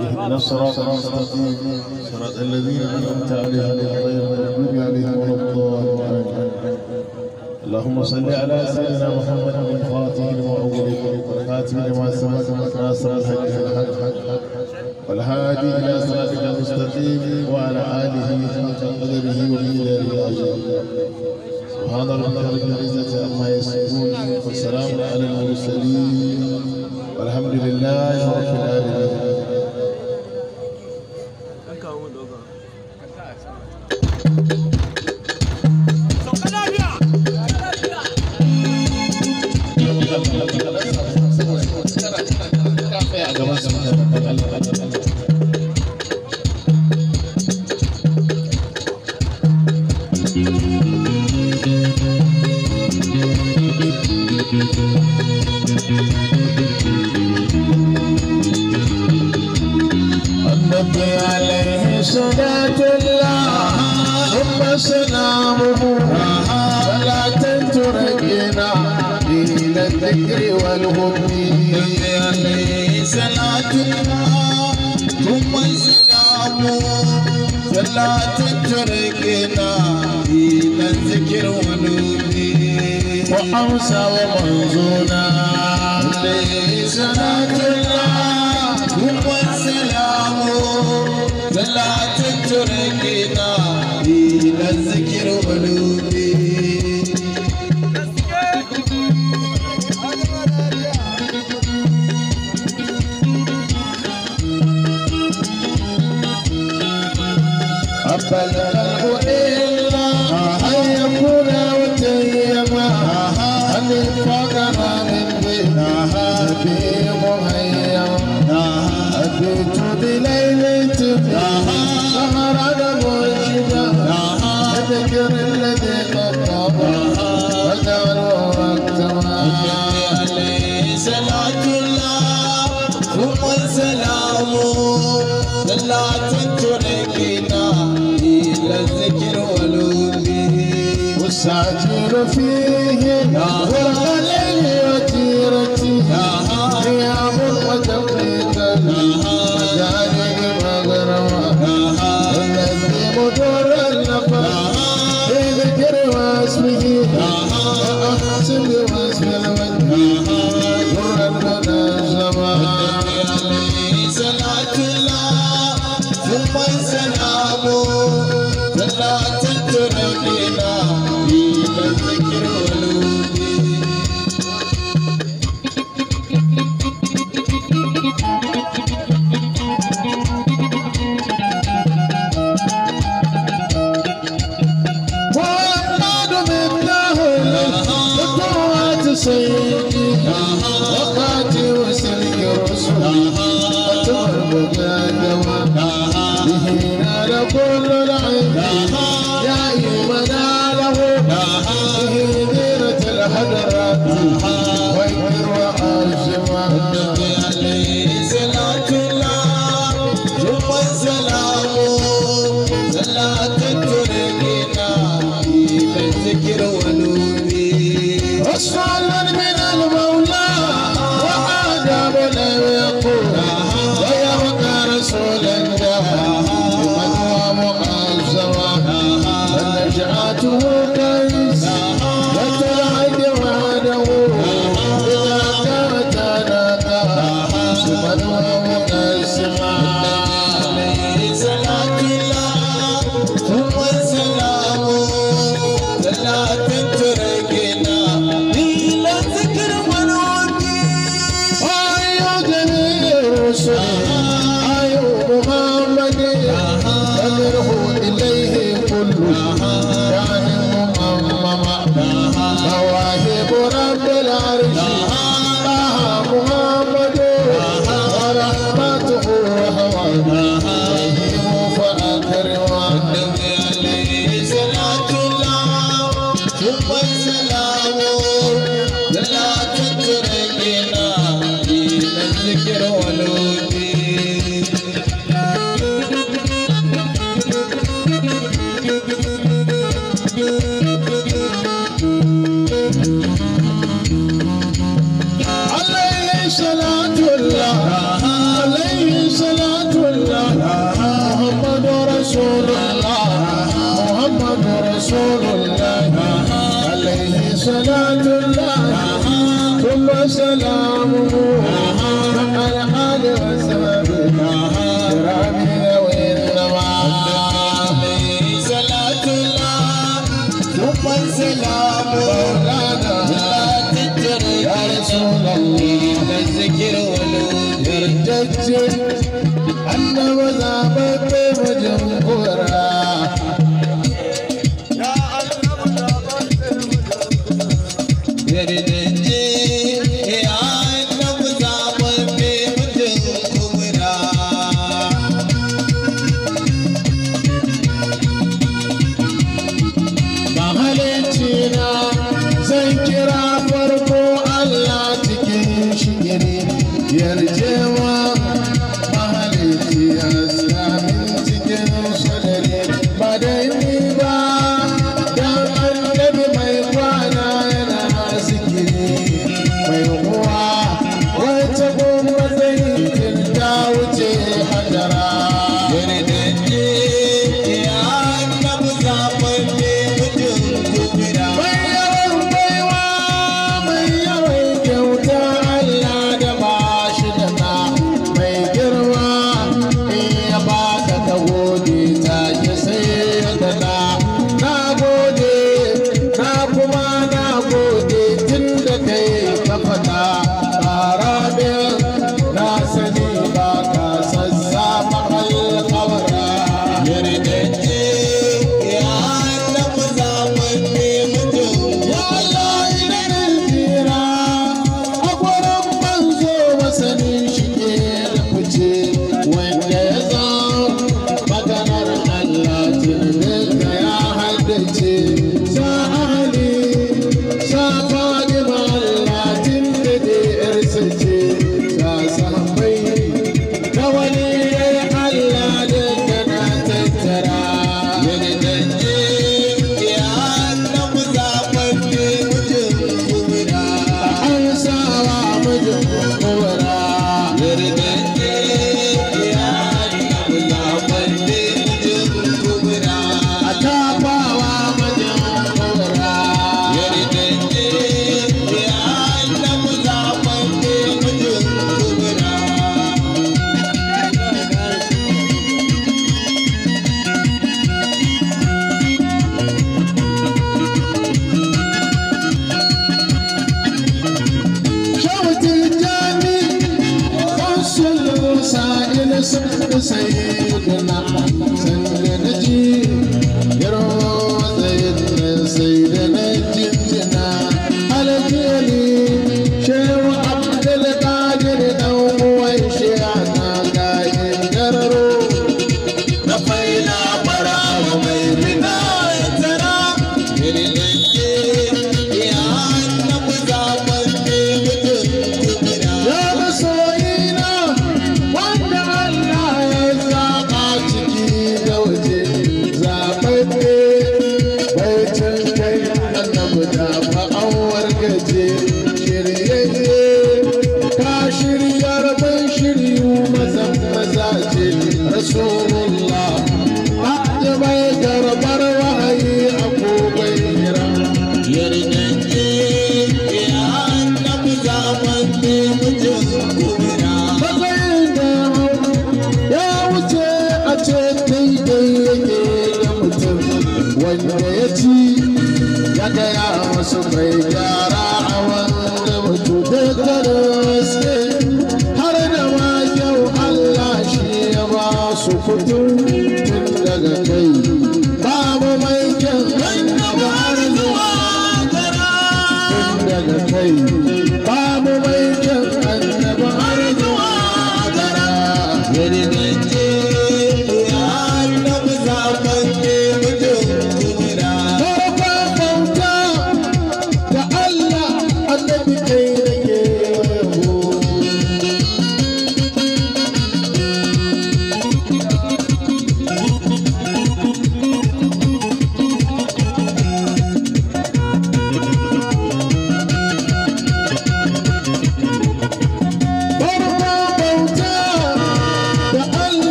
اهدنا الصراط المستقيم صراط الذين انعمت عليهم غير المغضوب عليهم ولا الضالين اللهم صل على سيدنا محمد الفاتح المعول الخاتم لما سبق ناصر الحج الحق والهادي الى صراطك المستقيم وعلى اله حق قدره ومقداره العظيم سبحان ربك رب العزه عما يصفون والسلام على المرسلين والحمد لله رب العالمين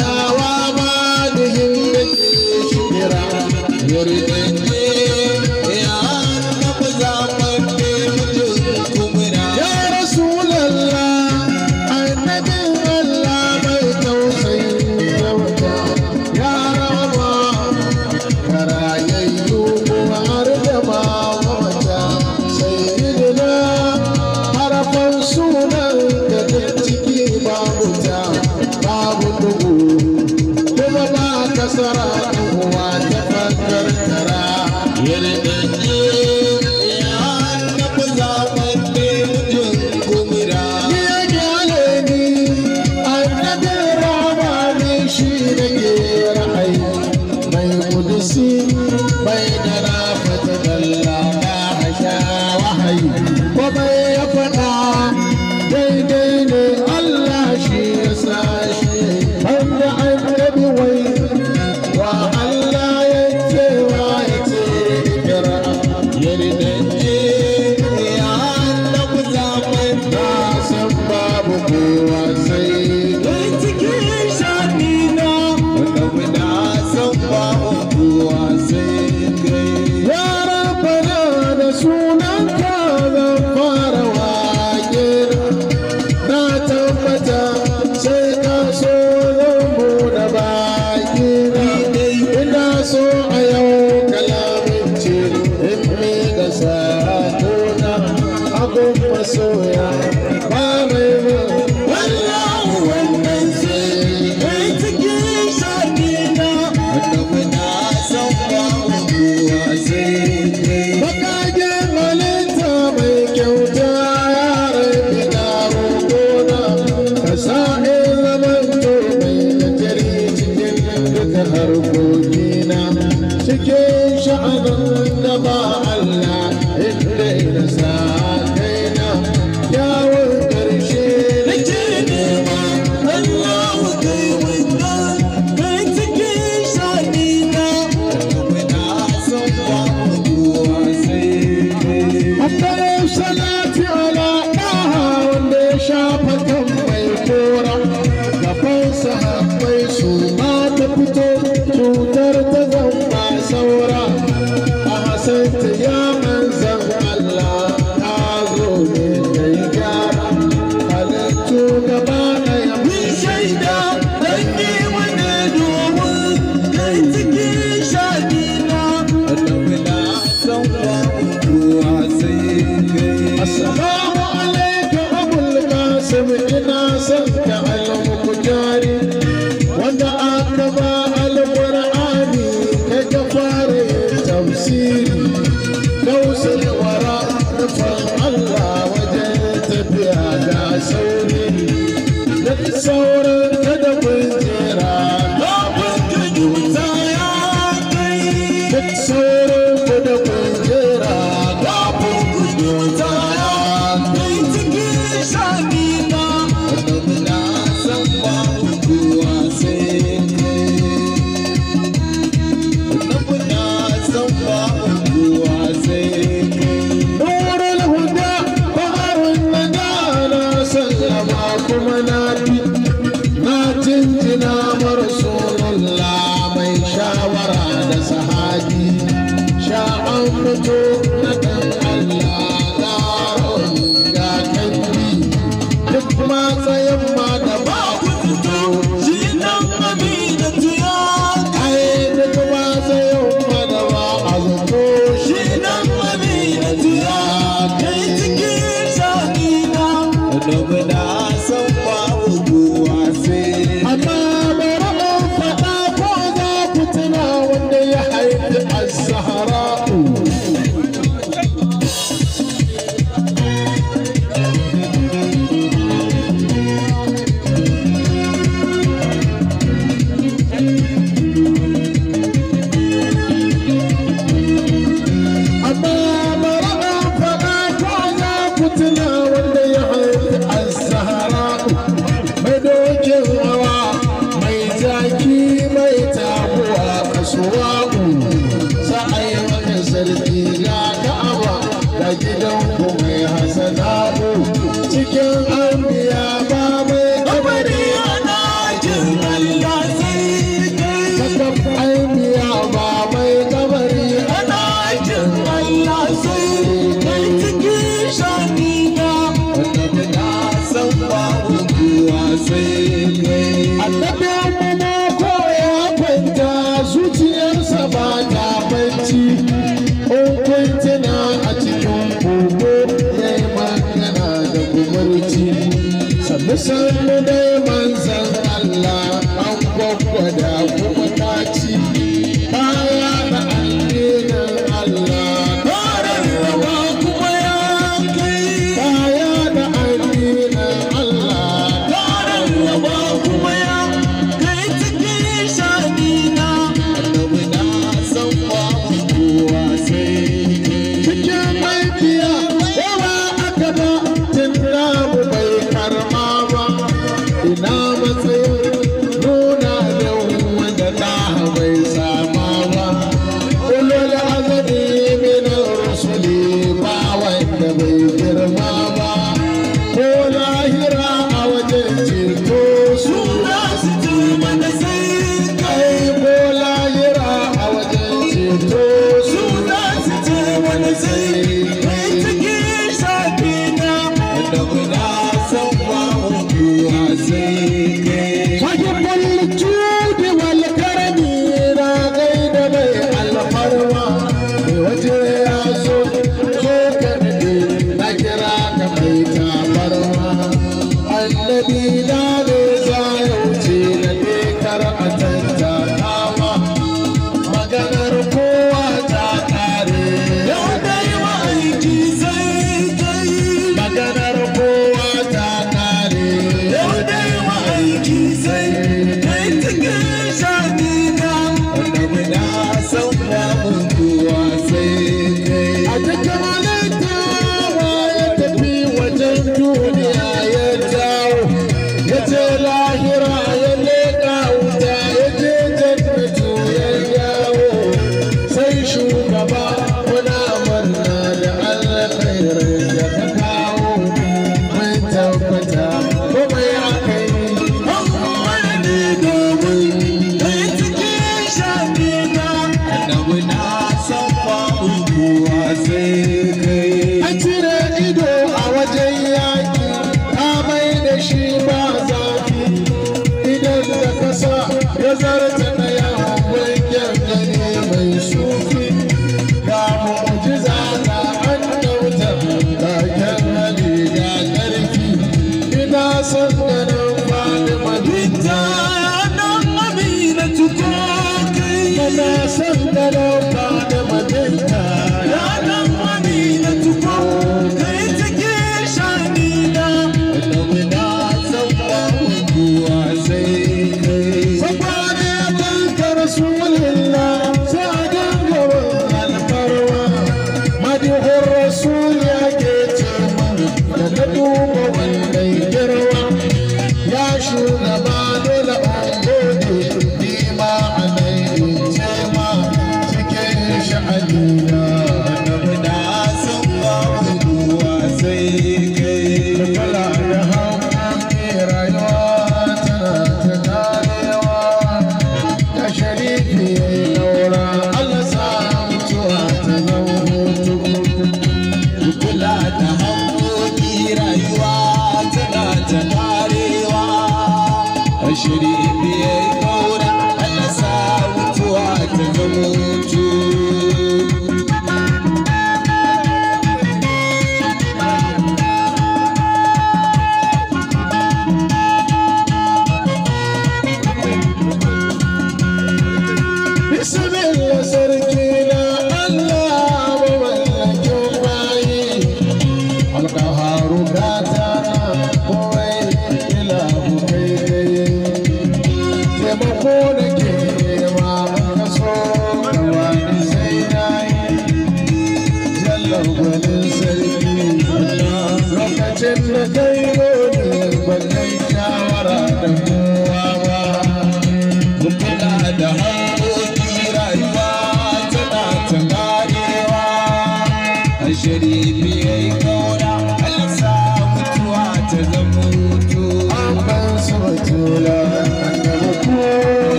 Hare kuma na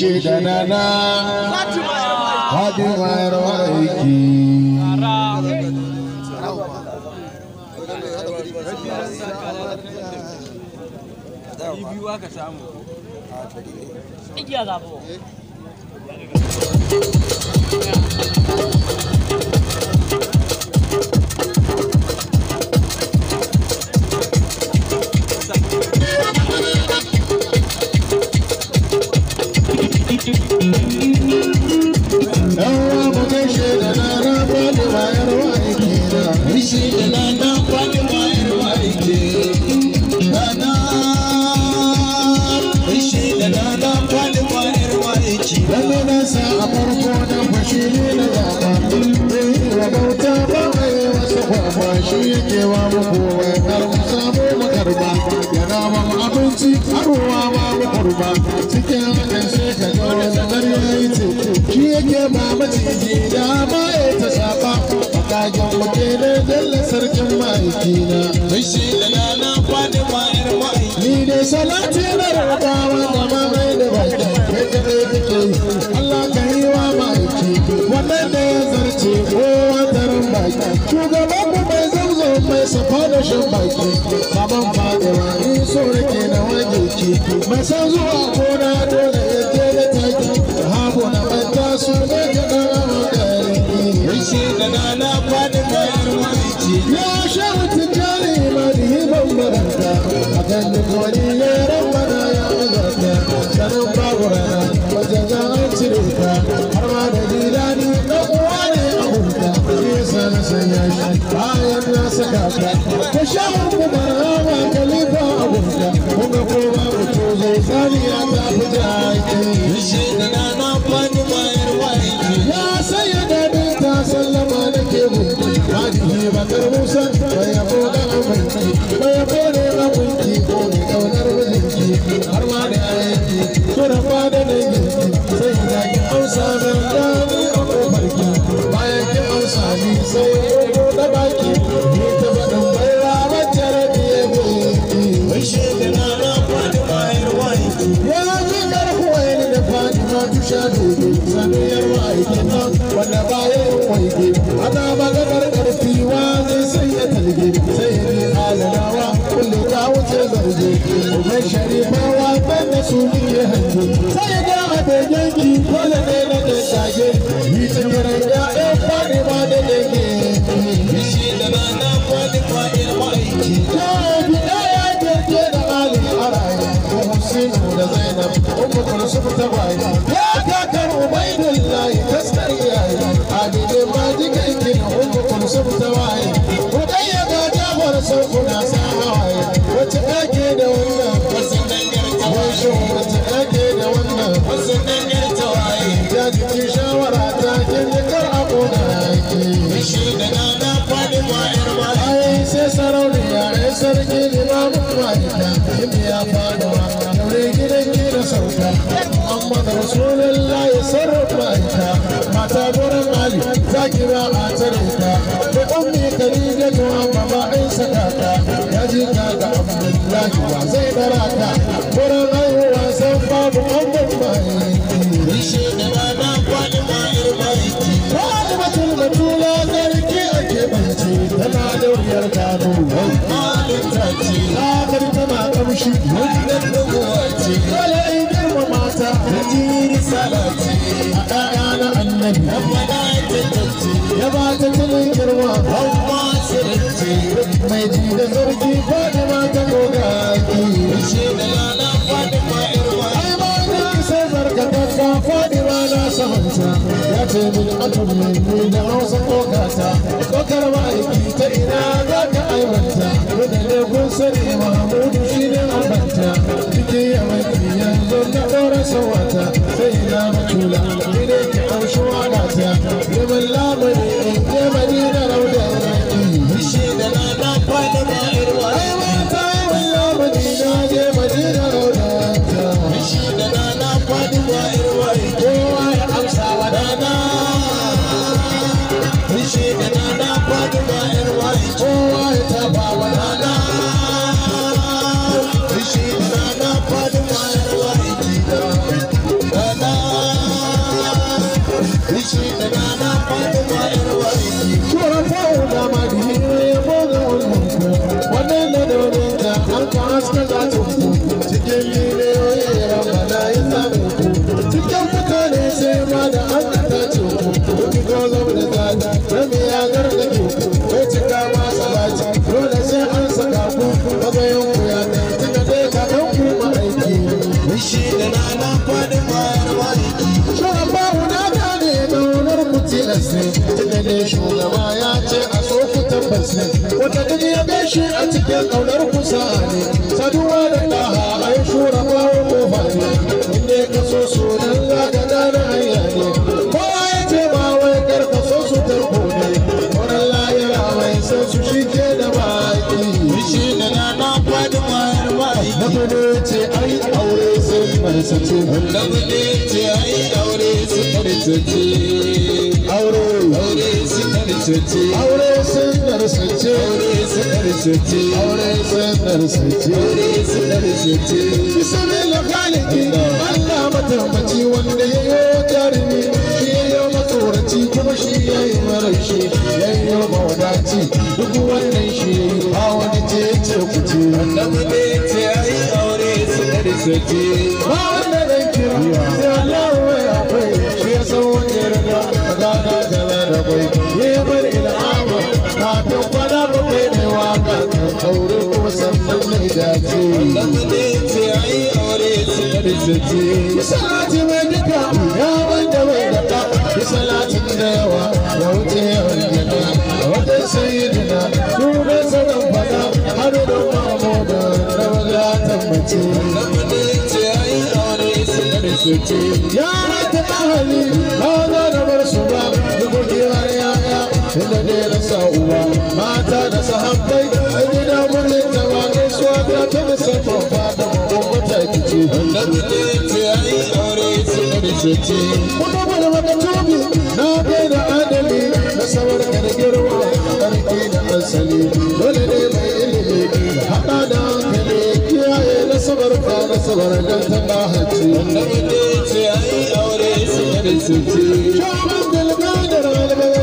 shi da nana fatima yar aiki você vai dar. sarauta da ummi kadija to amma ba ai sakata ya ji ka ga abdullahi wa zai barata wurin haihuwa san babu wannan mai rishe da bana kwalin ma'ir bariki wani mutum da tula sarki ake bance tana da wuyar gado wai ta ce ta karta ma kamshi wani ɗan ɗan ce wa mata da salati a ɗaya na annabi ya faɗa ta tacce ya ba ta tilin girma hawa sirance mai ji da zarki faɗi mata ko gaki shi da lana faɗi ma'irwa ba faɗiwa nasa sahanta ya ce min da hausa kokata ma'aiki ta ina za ka aiwanta da ne kun shi ne ya sai ne ke madina da na na kwaɗa ma'irwa ai mata yi wallah madina Шита нападет. shi a cikin ƙaunar kusa ne saduwa da ɗaha a yi shura bawon kofa ne inda ya kaso sunan za ka gane hanya ne kowa ya ce ba wai kar kaso su tarko ne wurin layara mai san su shi ke da baki shi na na fadi mayar baki na gudu ce ai aure sun marsace na gudu ce ai aure sun marsace suci aure sun dar suci aure sun dar aure sun dar aure sun dar wanda ya yi shi ya kuma shi ya yi duk wannan shi ya yi aure sun dar لبني تعي أوريس رزتي صلاة منك يا ولد ولد صلاة دوا يوتي ولدنا ولد سيدنا نور سلام فدا حرد محمود نوغلا تمتي لبني تعي أوريس رزتي يا رب أهلي هذا نبر سبا نبكي وريايا إلا دير سوا ما تنسى حبي إننا ملتا wata ta musamman fada kuma ta kici ta yi bada wata na bai da adali na samar da girma asali dole ne mai ilimi haɗa da hankali kiyaye na sabar ka na sabar ta ta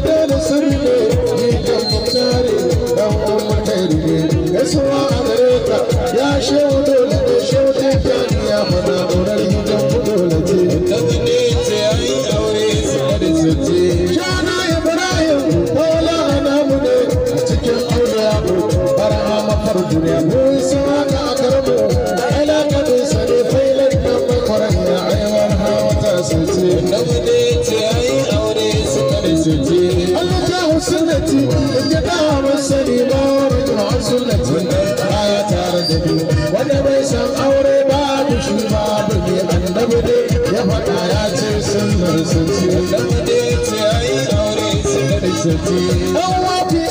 da sun ne dan uwan a gare ka ya shaudo da shaudo ta ya mana aurar gidan kudo laje ta ne a cikin aure abu barha mafar sanci dan kudi ce ai aure su kada dan wati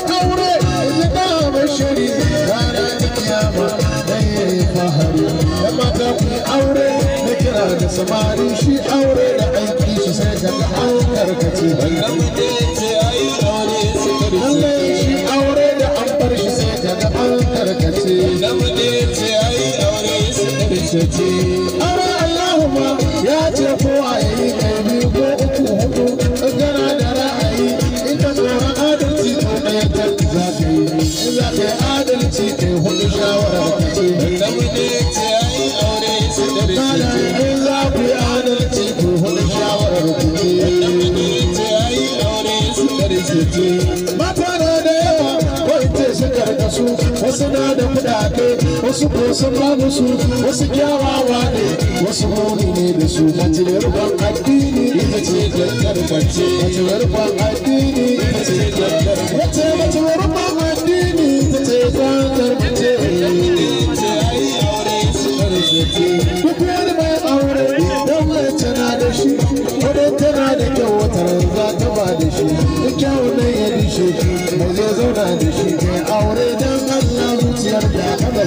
fahari dan mata ku aure da samari shi aure da aiki shi sai ka an karkace dan kudi ce aure su kada shi aure da an bar shi sai ka an karkace dan kudi ce ai aure su kada sanci ara Allahumma ya ce ko ayi kai wasu na da kudade wasu ko sun ba su wasu kyawawa ne wasu homi ne da su mace yarban addini ita ce jakkar mace mace yarban addini ita ce jakkar mace mace yarban addini ita ce jakkar mace Kukwiyar mai aure don mai tana da shi, wadda tana da kyau wata za ta ba da shi, da kyawun mai zai zauna da shi aure don Allah zuciyar da kada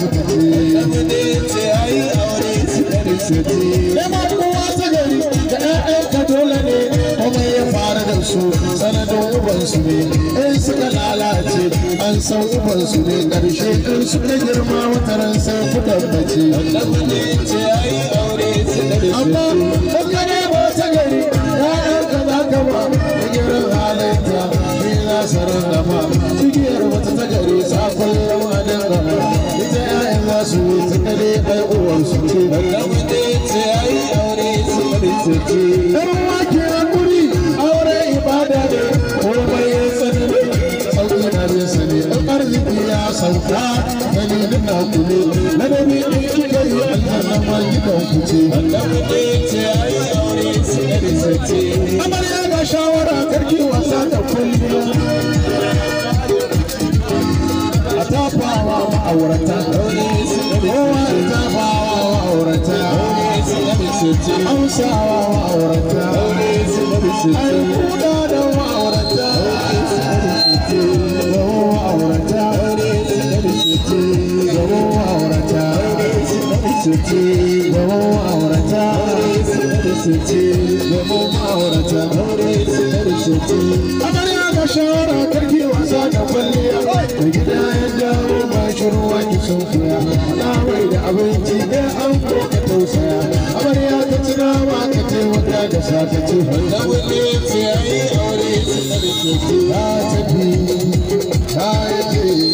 ce aure su su ma kowa gari da ka dole ne kuma ya fara da su sanadin uban su ne in suka lalace an san uban su ne ƙarshe in suka girma wataran sai ku ce aure su su amma nan gaba cigiyar wata ta gari sakon lawa nan gaba ita ƴaƴan nasu ta kare ɗan uwan su ce wanda mutu ce yayi aure su kare su ce ɗan wake hakuri aure ibada ne komai ya sani sauƙi na bai sani ɗan arziki ya sauka dalilin na kule na da bi ɗin kika yi Allah na ma gidan ku ce wanda mutu ce yi aure su kare su ce sha shawara karki wasa da kulliya a tafawa ma'aurata kowa a tafawa ma'aurata amsawa ma'aurata an kuda da ma'aurata gaban ma'aurata gaban ma'aurata gaban ma'aurata ce da mu ma'aurata aure tsayar su ce amarya ga shawara karki wasa da kwalliya da gida ya dawo ba shi ruwa ki na wai da abinci da an ko ka tausaya amarya ta ci nama ka taimaka da sa ta ce wanda wani ce yayi aure tsayar su ce ta tafi ta yi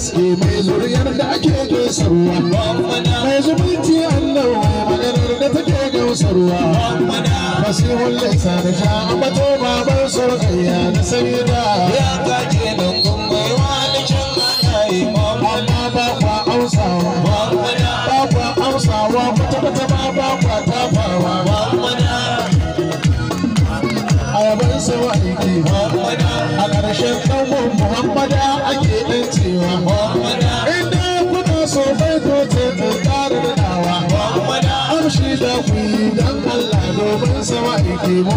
haske mai da ake gaisarwa mai zumunci annabi mai maganar da take gausarwa fasihun laisa da sha ambato baban surkayya na ya ke mu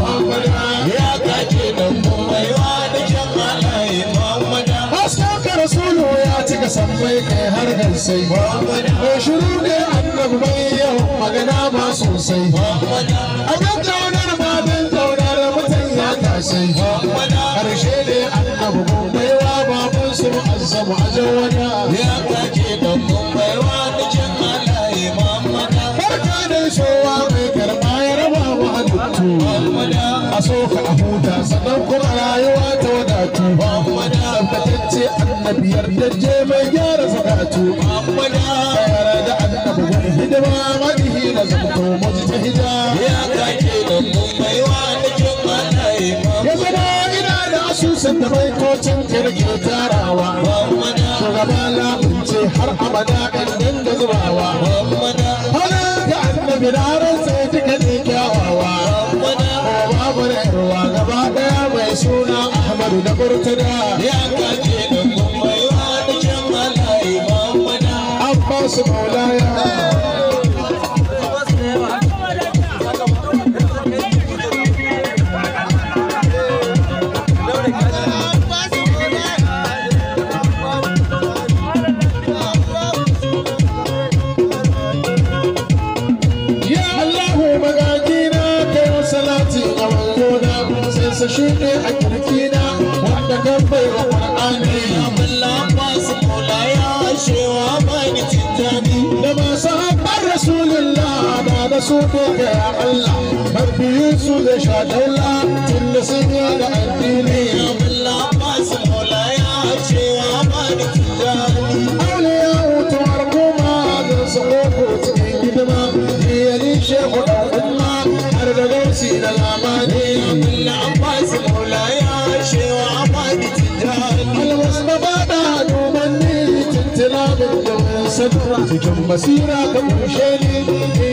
ya kace dan mai wa da jan halaye Muhammadu Hasaka Rasulu ya cika sammai kai har gansai Muhammadu shiru ne annabi mai yawan magana ba sosai Muhammadu a nan kaunar ma bin kaunar mutum ya tasai Muhammadu karshe ne annabi mai wa babun su azzamu ajawana ya sannan kuma rayuwa ta wadatu tabbatacce annabi yardajje mai gyara sakatu yara da annabi wani hidima madihi na ta mujtahida ya kake nan mun baiwa da kin mata ya zama ina da asusun da mai kocin kirgin tarawa shugaba labince har abada ɗan da zubawa hana ga annabi na da burtuna ya kaje da kuma yawa da jama'a imam mana abbas maulaya su ne ya Allah mabiyin su da sha daula tun da sun yi da addini ya bulla ba su mola ya ce ya ba da ya auliya hutuwar kuma da su koko cikin hidima jiyani shehu da umma har da gausi da lamani ya bulla ba su mola ya ce ya ba da tijani alwas ba ba da dubanni tuntuna da jami'in sadara cikin basira ka kushe ne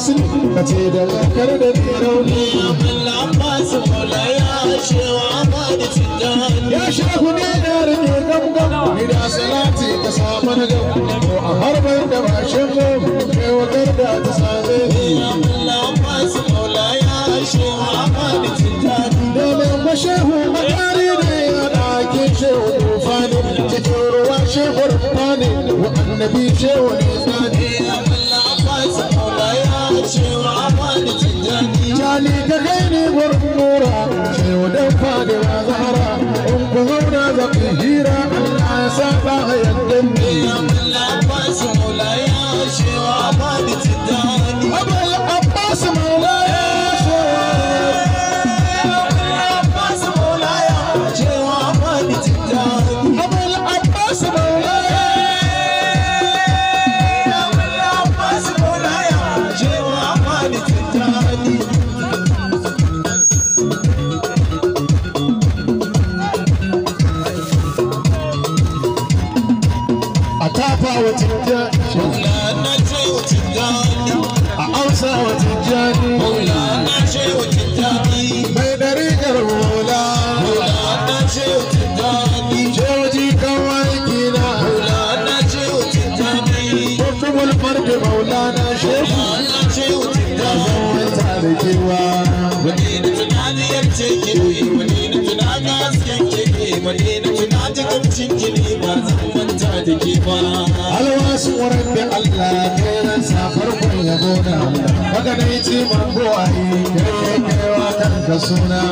abbasin ka ce da kar da rauni abbasin mola ya shewa ba da cinjani ya ne da rage gamgam ni da salati ka samu na gam a harbar da bashin gam kai wa garda ta same ni abbasin mola ya shewa ba da cinjani da mai makari ne ya ɗakin shehu tufani cikin ruwa shehu rufani wa annabi shehu ne tsani ali ka kai ne gwargora shehu dan fadewa zahara in ku zauna zafi hira Allah ya saba a yadda ne alwasu wurin Allah kai nan ya kun da maka dai ci mambo ai kai kaiwa kan suna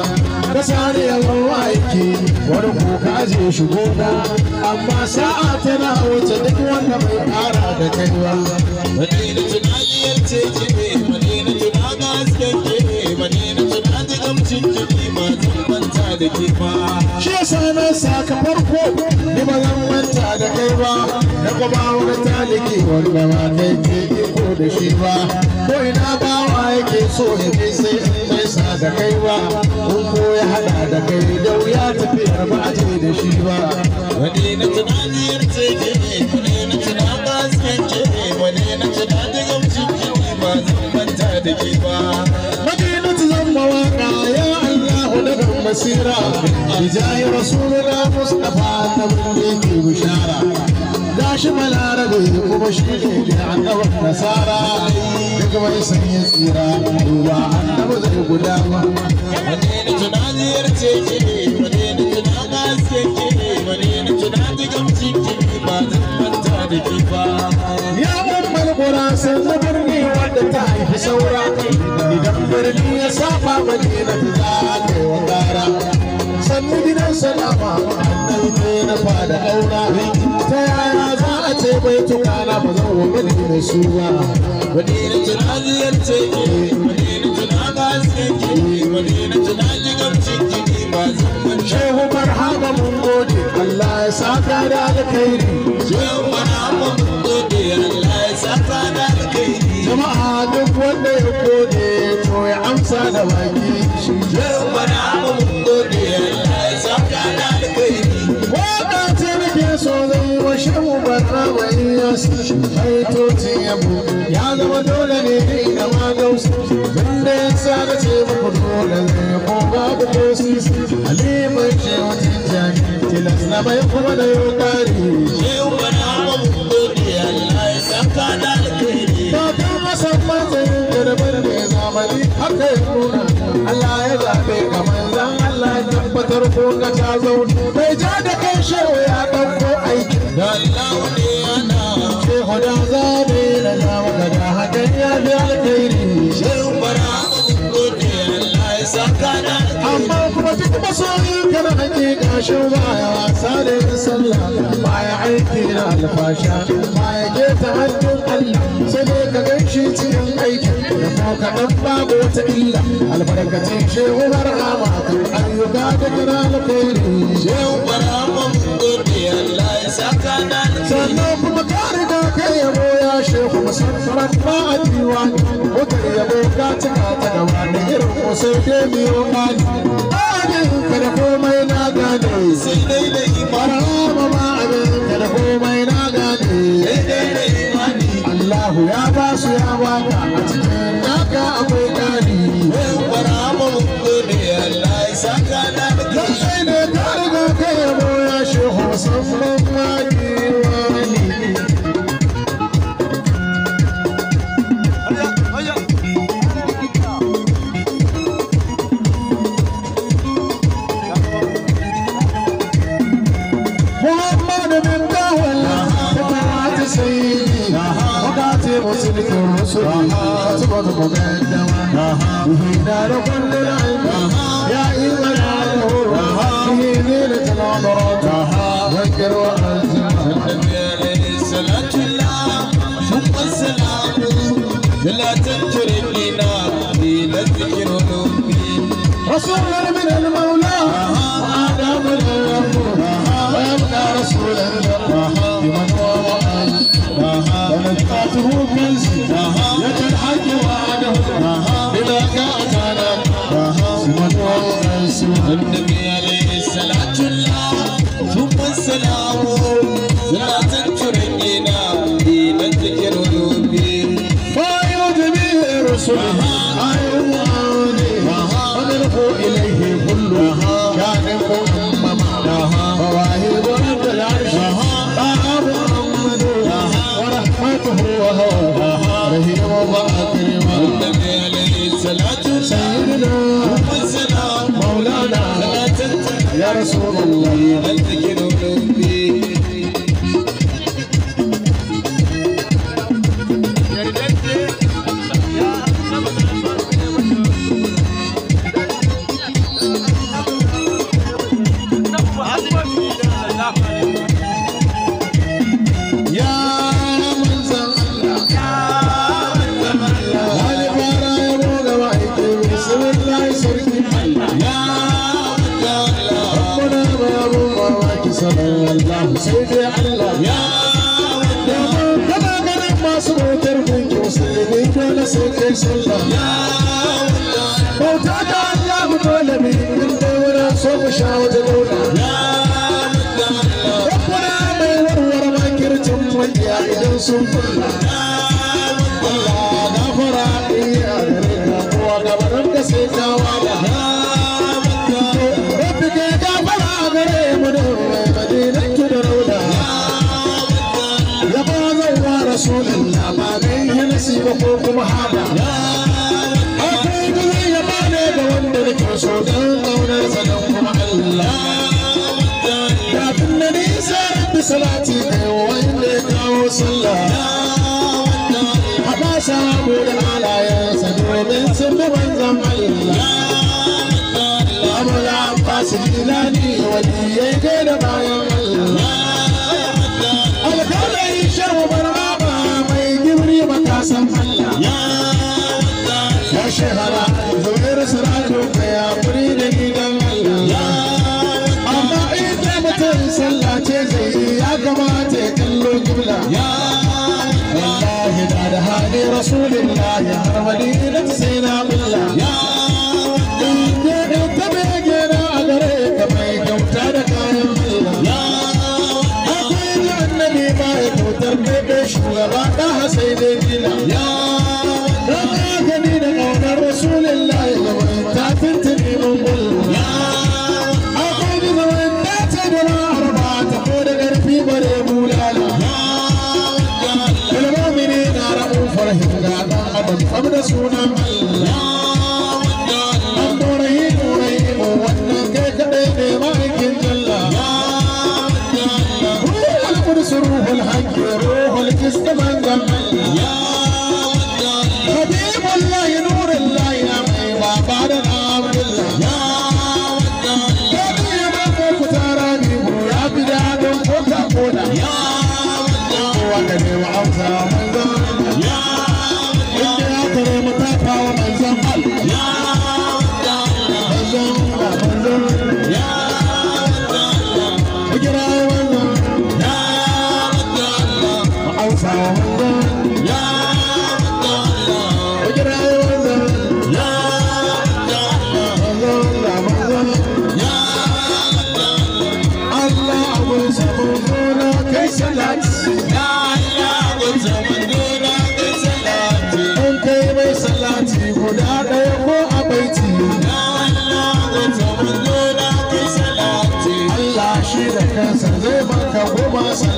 ka sare yawan wani kuka shigo amma sa'a tana wuce duk wanda bai kara da kaiwa da ke shi yasa na saka farko ni ba zan manta da kai ba na ko ba wani taliki ba ma ke da shi ba ko ina ba wa yake so ya bi sai mai sa da kai ba kun ko ya hada da kai da wuya ba a ce da shi ba wani na ce ke wani na ba wani na da ke ba zan manta da ke ba Madinatu zan mawaka ya basira hijayi rasulullah mustafa ta bunde ke bishara gashi balarabe kuma shi ne da annabar nasara duk mai san ya tsira duba annabi zai gudana madina tuna ziyarce ki ne ni tuna gaske ki ne madina tuna digamci ki ne ba zan manta da ki ba ya babbar gura san birni wanda ta haifi saura idan birni ya safa madina ta kauna ta yaya za a ce bai tukana ba zan wa mani da su ba madina tunaniyar ce ke madina ba haske ke madina tunani gamcin jini ba zan mani shehu marhaba mun gode Allah ya saka da alkhairi shehu marhaba mun gode Allah ya saka da alkhairi jama'a duk wanda ya gode to ya amsa da baki shehu marhaba shehu baka wani yasu haitoti yabo ya zama dole ne kai da magausu wanda ya sa da ce muku dole ne ko babu ko sisi alimar shehu tijjani tilas na bai kuma da yau kare shehu bana wa mu gode Allah ya saka da alkhairi ka ga masa matsayin garban da ya zamani haka ya nuna Allah ya zaɓe kamar zan Allah ya tabbatar ko ka ta zaune bai ja da kai shehu ya ɗauko da ila wani yana shehu da zabe da zama da hakan ya shehu bara gode amma kuma baya da baya aiki na alfasha baya keta hannun Allah sai ka ganshi cikin aiki da babu ta illa albarkacin shehu ayyuka da shehu sannan kuma kare da kai yabo ya shehu musamman ba a tiwa mutar yabo ka cika ta gaba da irin kusur da miyo mani amin ka da komai na gane sai dai daidai marhaba ma amin ka da komai na gane sai dai daidai imani Allahu ya ba su ya baka a cikin naka akwai kari marhaba mun gode Allah ya saka na da kai ne ka riga kai yabo I'm mú sórí, ọtí bọ́dọ̀ bọ̀ bẹ́ẹ̀ dẹ́wà, ìhìnà rẹ̀ 啊。sun furta da na fara ɗaya da rai na kowa gabanin ka tawa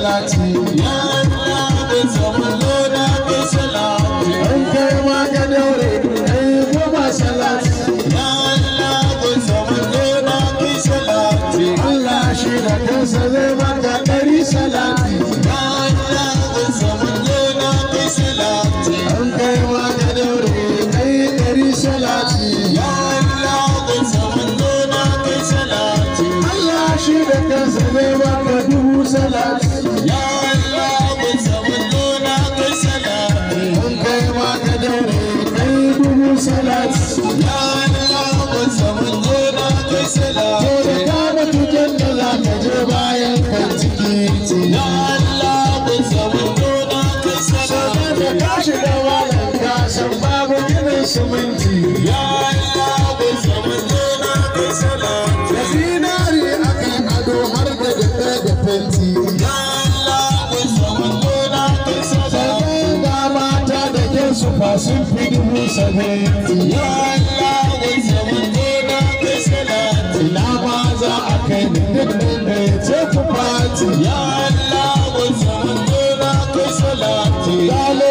láti yára. sun dubu sabi ya Allah wai zaman gona kai salati na ma za a kai ni dindin da ya ce Allah wai zaman gona kai salati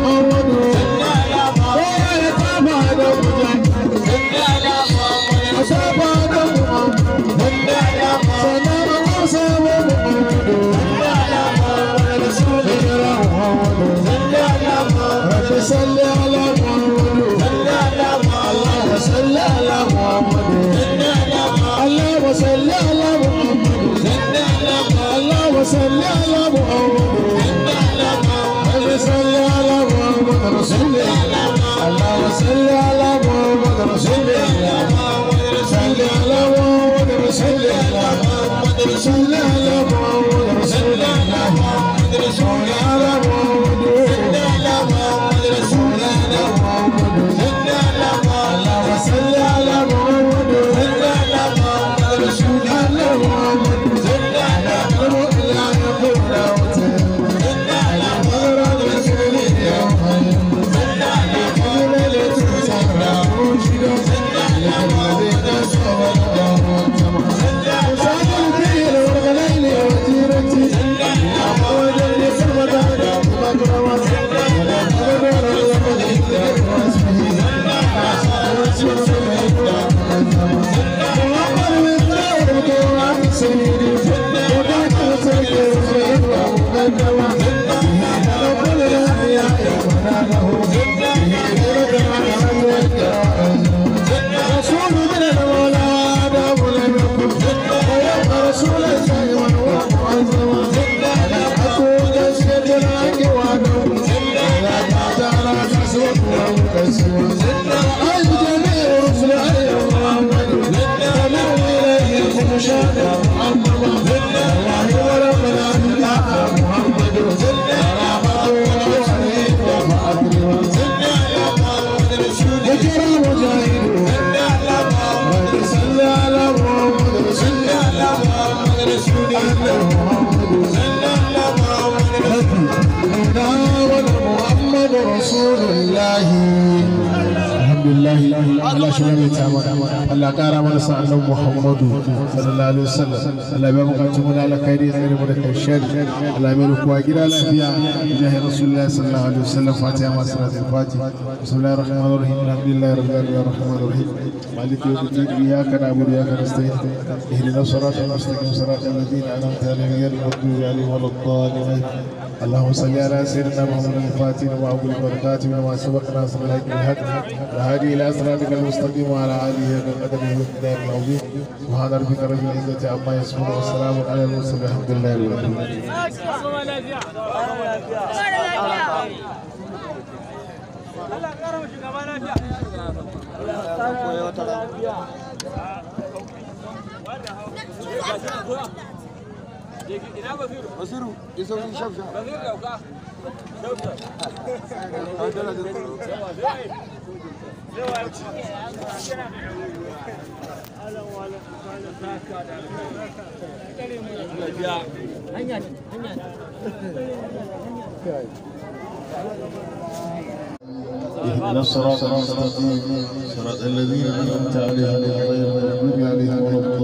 Salud. maimaita mana Allah kara Muhammadu sallallahu gida lafiya ilahi rasulullahi sallallahu alaihi wasallam fatiha اللهم صل على سيدنا محمد الفاتح وأغلق البركات وما سبق ناصر الهدي بالهدي الهادي إلى صراطك المستقيم وعلى آله وقدره والكتاب العظيم سبحان ربك رب العزة عما يصفون والسلام على المرسلين الحمد لله رب العالمين. Allah karo نصر الصراط الذين انعمت عليهم غير المغضوب عليهم ولا الضالين